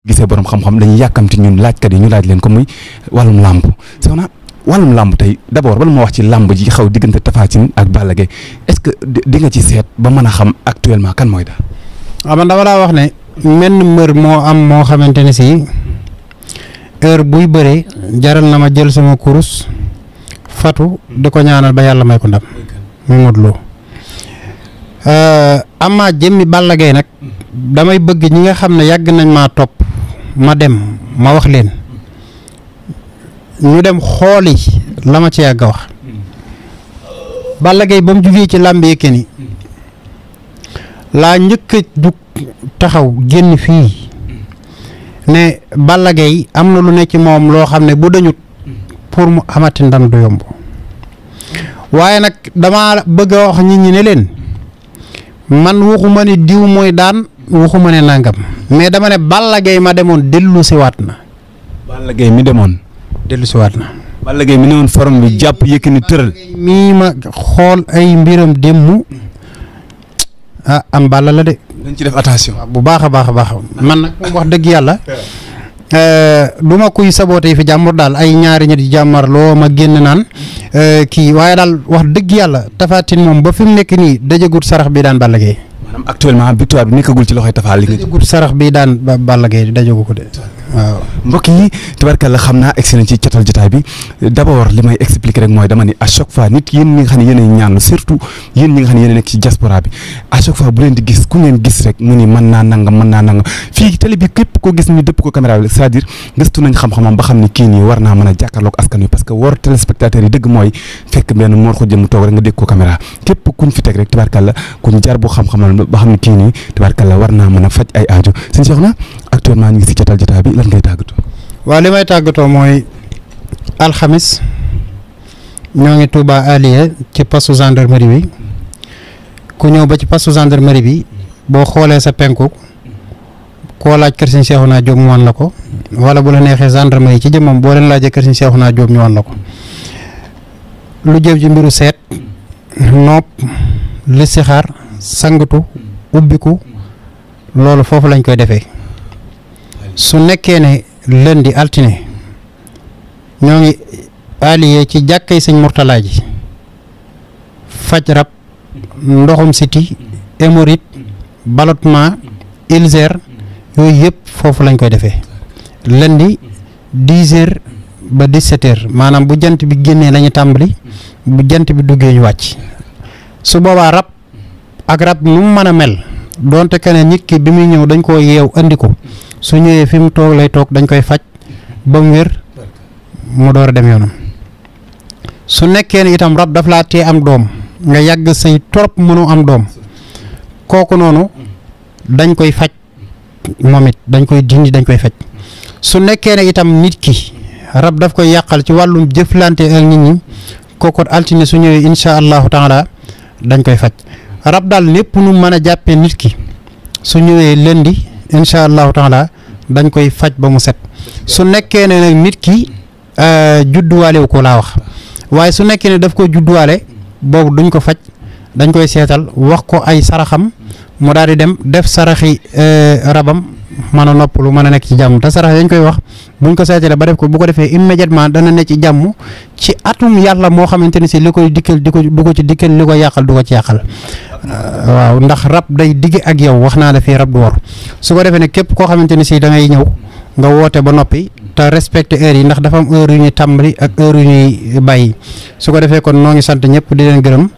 gisee boroom xam-xam dañuy yàkkamti ñun laajkat yi ñu laaj leen ko muy wàllum làmb soxna wàllum làmb tey d'abord bala ma wax ci làmb ji xaw diggante Tapha Tine ak Balla Gaye est-ce que di nga ci seet ba mën a xam actuellement kan mooy daal. man dama daa wax ne. menn mbër moo am moo xamante ne si heure buy bëree jaral na ma jël sama kurus fatu di ko ñaanal ba yàlla may ko ndam muy Modou Lo euh, jëmmi Balla Gaye nag damay bëgg ñi nga xam ne yàgg nañ maa topp. ma dem ma wax leen ñu dem xooli la ma ci yàgg a wax Balla Gaye ba mu jugee ci làmb Yékini laa njëkk a jug taxaw génn fii ne Balla am na lu nekk ci moom loo xam ne bu dañu pour mu amati ndam du yomb waaye nag dama bëgg a wax nit ñi ne leen man waxuma ni diw mooy daan waxuma ne nangam mais dama ne Balla Gaye ma demoon dellu si waat na. Balla mi demoon. dellu si waat na. Balla mi ne woon forum bi jàpp Yékini tëral. mii ma xool ay mbiram démb ah am Balla la de. dañ ci def attention. bu baax a baax a baax man nag wax dëgg yàlla. Euh, du ma kuy sabootee fi jàmbur daal ay ñaari ñi di jàmmarloo ma génn naan euh, kii waaye daal wax dëgg yàlla Tapha Tine moom ba fi mu nekk nii dajagut sarax bi daan Balla actuellement victoire bi nekkagul ci loxoy Tapha Lingé. sarax bi daan Balla Gaye dajagu ko de. waaw mbokk yi tubarkalla xam naa egsi ci cotal jotaay bi d'abord li may expliquer rek mooy dama ni à chaque fois nit yéen ñi nga xam ne ñaanu surtout yéen ñi nga xam ne yéen nekk ci diaspora bi à chaque fois bu leen di gis ku ngeen gis xam-xamam ba xam ni kii nii war naa war naa mën a faj ay aajo actuellement ñu ngi si jotal jotaay bi tàggatoo. waaw li may tàggatoo mooy alxamis ñoo ngi Touba Alié ci poste gendarmerie bi ku ñëw ba ci poste gendarmerie bi boo xoolee sa penku koo laaj kër Serigne Cheikhouna Diop mu wan la ko wala bu la neexee gendarmerie ci jëmmam boo leen laajee kër Serigne Cheikhouna Diop ñu wan la ko lu jëm ci mbiru seet nopp listixaar sangatu ubbiku loolu foofu lañ koy defee. su nekkee ne lundi altine ñoo ngi aliyee ci jàkkay sëñ Mourtala ji faj rab ndoxum siti hémorroïde ballottement ulcère yooyu yëpp foofu lañ koy defee lundi dix heures ba dix maanaam bu jant bi génnee lañu tàmbali bu jant bi duggee ñu wàcc su boobaa rab ak rab nu mën a mel donte keneen nit ki bi muy ñëw dañ koo yeew indi ko su ñëwee fi mu toog lay toog dañ koy faj ba mu wér mu door a dem yoonam su nekkee ne itam rab daf laa tee am doom nga yàgg say trop mënu am doom kooku noonu dañ koy faj moom it dañ koy dindi dañ koy faj su nekkee ne itam nit ki rab daf koy yàqal ci wàllum jëflante ak nit kooku altine su ñëwee incha allahu taala dañ koy faj rab daal lépp nu mën a jàppee nit ki su ñëwee lëndi incha allahu taala dañ koy faj ba mu set su nekkee ne nag nit ki euh, judduwaale wu ko laa wax waaye su nekkee ne daf ko judduwaale boobu duñ ko faj dañ koy seetal wax ko ay saraxam mu daal di dem def saraxi euh, rabam mën a noppalu mën a nekk ci jàmm te sarax dañ koy wax buñ ko seetalee ba def ko bu ko defee immédiatement dana ne ci jàmm ci atum yàlla moo xamante ni si li koy dikkal di ko du ci dikkal li ko yàqal du ko ci yàqal euh, waaw ndax rab day digg ak yow wax naa la fii rab du war su ko defee ne képp koo xamante ni si da ngay ñëw nga woote ba noppi ta respecté heure yi ndax dafa am yu ñuy tàmbali ak heure yu ñuy bàyyi su ko defee kon noo ngi sant ñëpp di leen gërëm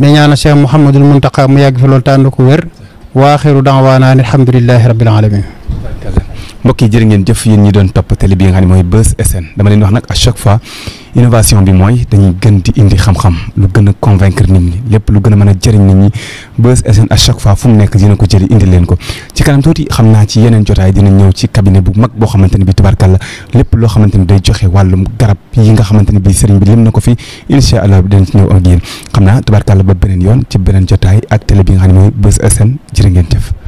di ñaanal Cheikh Mouhamadul Mountakha mu yàgg fi loolu tànn ko wér waaxiru daawaana alhamdulillahi rabbil alamin mbokk yi jërë ngeen jëf yéen ñi doon topp télé bi nga xam ne mooy Buzz SN dama leen wax nag à chaque fois innovation bi mooy dañuy gën di indi xam-xam lu gën a convaincre nit ñi lépp lu gën a mën a jëriñ nit ñi Buzz SN à chaque fois fu mu nekk dina ko jëri leen ko ci kanam tuuti xam naa ci yeneen jotaay dina ñëw ci cabinet bu mag boo xamante ne bi tubaarkàlla lépp loo xamante ne day joxe wàllum garab yi nga xamante ne bi sëriñ bi lim na ko fi incha allah dinañ naa tubaarkàlla ba beneen yoon ci beneen jotaay ak télé bi nga ne mooy Buzz SN ngeen jëf